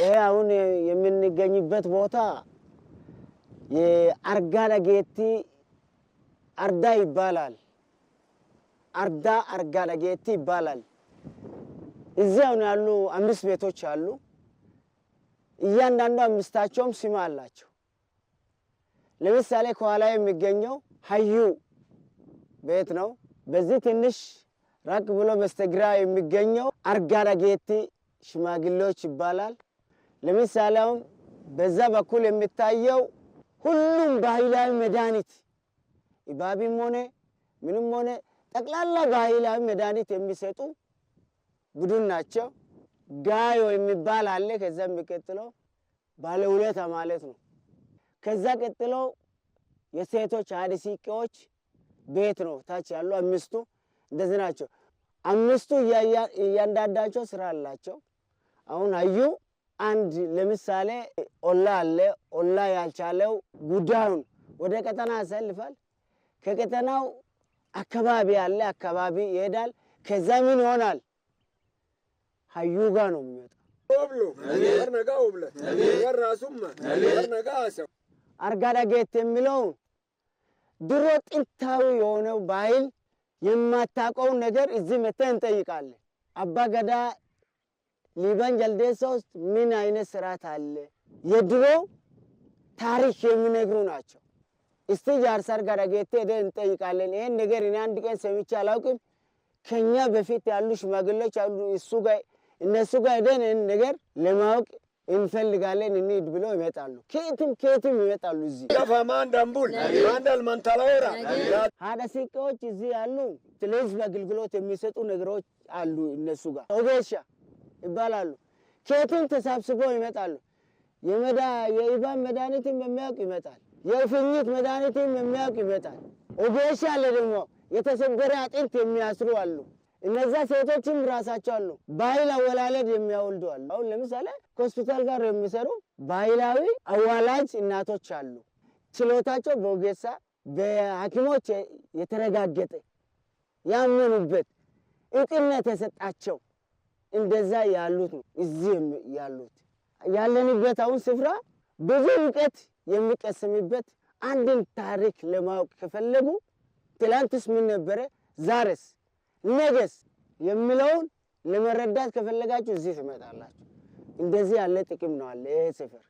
ይህ አሁን የምንገኝበት ቦታ የአርጋ ለጌቲ አርዳ ይባላል። አርዳ አርጋ ለጌቲ ይባላል። እዚህ አሁን ያሉ አምስት ቤቶች አሉ። እያንዳንዱ አምስታቸውም ስም አላቸው። ለምሳሌ ከኋላ የሚገኘው ሀዩ ቤት ነው። በዚህ ትንሽ ራቅ ብሎ በስተግራ የሚገኘው አርጋዳ ሽማግሌዎች ይባላል። ለምሳሌ አሁን በዛ በኩል የሚታየው ሁሉም ባህላዊ መድኃኒት ኢባቢም ሆነ ምንም ሆነ ጠቅላላ ባህላዊ መድኃኒት የሚሰጡ ቡድን ናቸው። ጋዮ የሚባል አለ። ከዛ የሚቀጥለው ባለውለታ ማለት ነው። ከዛ ቀጥለው የሴቶች ሀዲሲቄዎች ቤት ነው ታች ያሉ አምስቱ እንደዚህ ናቸው። አምስቱ እያንዳንዳቸው ስራ አላቸው። አሁን አዩ አንድ ለምሳሌ ኦላ አለ። ኦላ ያልቻለው ጉዳዩን ወደ ቀጠና ያሰልፋል። ከቀጠናው አካባቢ ያለ አካባቢ ይሄዳል። ከዛ ምን ይሆናል? ሀዩ ጋ ነው የሚወጣው። አርጋዳ ጌት ድሮ ጥንታዊ የሆነው ባህል የማታውቀውን ነገር እዚህ መተህ እንጠይቃለን። አባ ገዳ ሊበን ጀልዴሳ ውስጥ ምን አይነት ስርዓት አለ? የድሮ ታሪክ የሚነግሩ ናቸው። እስቲ ጃርሳር ጋር ጌቴ ሄደን እንጠይቃለን። ይሄን ነገር እኔ አንድ ቀን ሰምቼ አላውቅም። ከኛ በፊት ያሉ ሽማግሌዎች አሉ፣ እሱ ጋር እነሱ ጋር ሄደን ይህን ነገር ለማወቅ እንፈልጋለን እንሂድ ብለው ይመጣሉ። ከየትም ከየትም ይመጣሉ። እዚህ ገፋማ አንዳምቡል አንዳል መንታላወራ ሀዳ ሲቃዎች እዚህ ያሉ ለህዝብ አገልግሎት የሚሰጡ ነገሮች አሉ። እነሱ ጋር ኦቤሻ ይባላሉ። ከየትም ተሰብስበው ይመጣሉ። የኢባን መድኃኒትም የሚያውቅ ይመጣል። የእፍኝት መድኃኒትም የሚያውቅ ይመጣል። ኦቤሻ አለ ደግሞ የተሰበረ አጥንት የሚያስሩ አሉ። እነዛ ሴቶችም ራሳቸው አሉ ባህል አወላለድ የሚያወልዱ አሉ። አሁን ለምሳሌ ከሆስፒታል ጋር የሚሰሩ ባህላዊ አዋላጅ እናቶች አሉ። ችሎታቸው በውጌሳ በሐኪሞች የተረጋገጠ ያመኑበት እውቅነት የሰጣቸው እንደዛ ያሉት ነው። እዚህ ያሉት ያለንበት አሁን ስፍራ ብዙ እውቀት የሚቀስምበት አንድን ታሪክ ለማወቅ ከፈለጉ ትላንትስ ምን ነበረ ዛሬስ ነገስ የሚለውን ለመረዳት ከፈለጋችሁ እዚህ ትመጣላችሁ። እንደዚህ ያለ ጥቅም ነው አለ ይሄ ስፍር